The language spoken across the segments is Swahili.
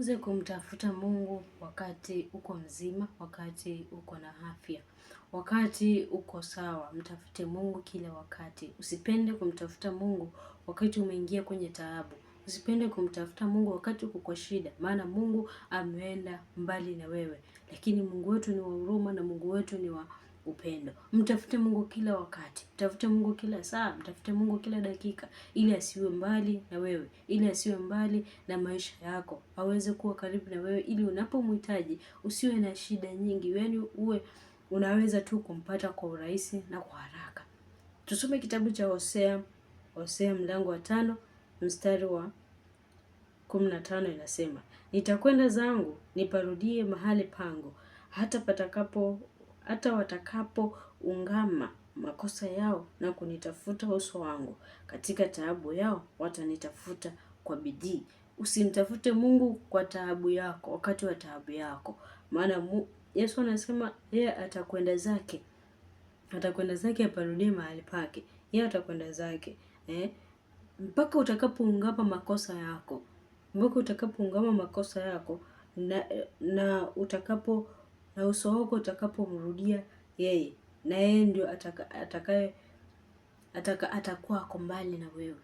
Uweze kumtafuta Mungu wakati uko mzima, wakati uko na afya, wakati uko sawa. Mtafute Mungu kila wakati. Usipende kumtafuta Mungu wakati umeingia kwenye taabu. Usipende kumtafuta Mungu wakati uko kwa shida, maana Mungu ameenda mbali na wewe. Lakini Mungu wetu ni wa huruma na Mungu wetu ni wa upendo. Mtafute Mungu kila wakati, mtafute Mungu kila saa, mtafute Mungu kila dakika, ili asiwe mbali na wewe, ili asiwe mbali na maisha yako, aweze kuwa karibu na wewe, ili unapomhitaji usiwe na shida nyingi, yaani uwe unaweza tu kumpata kwa urahisi na kwa haraka. Tusome kitabu cha Hosea, Hosea mlango wa tano mstari wa kumi na tano inasema, nitakwenda zangu niparudie mahali pangu hata patakapo hata watakapoungama makosa yao na kunitafuta uso wangu katika taabu yao, watanitafuta kwa bidii. Usimtafute Mungu kwa taabu yako, wakati wa taabu yako, maana Yesu anasema yeye atakwenda zake, atakwenda zake, aparudie mahali pake, yeye atakwenda zake eh? mpaka utakapoungama makosa yako, mpaka utakapoungama makosa yako na, na utakapo na uso wako utakapomrudia yeye, na yeye ndio ataka, atakaye ataka, atakuwa ako mbali na wewe.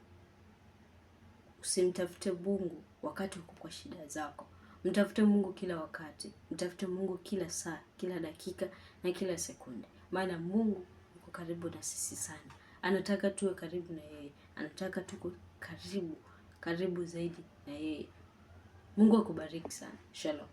Usimtafute Mungu wakati uko kwa shida zako, mtafute Mungu kila wakati, mtafute Mungu kila saa, kila dakika na kila sekunde, maana Mungu yuko karibu na sisi sana. Anataka tuwe karibu na yeye, anataka tuko karibu karibu zaidi na yeye. Mungu akubariki sana. Shalom.